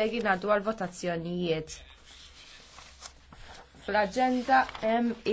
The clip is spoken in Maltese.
kollegi ngħaddu għal votazzjonijiet. Fl-aġenda hemm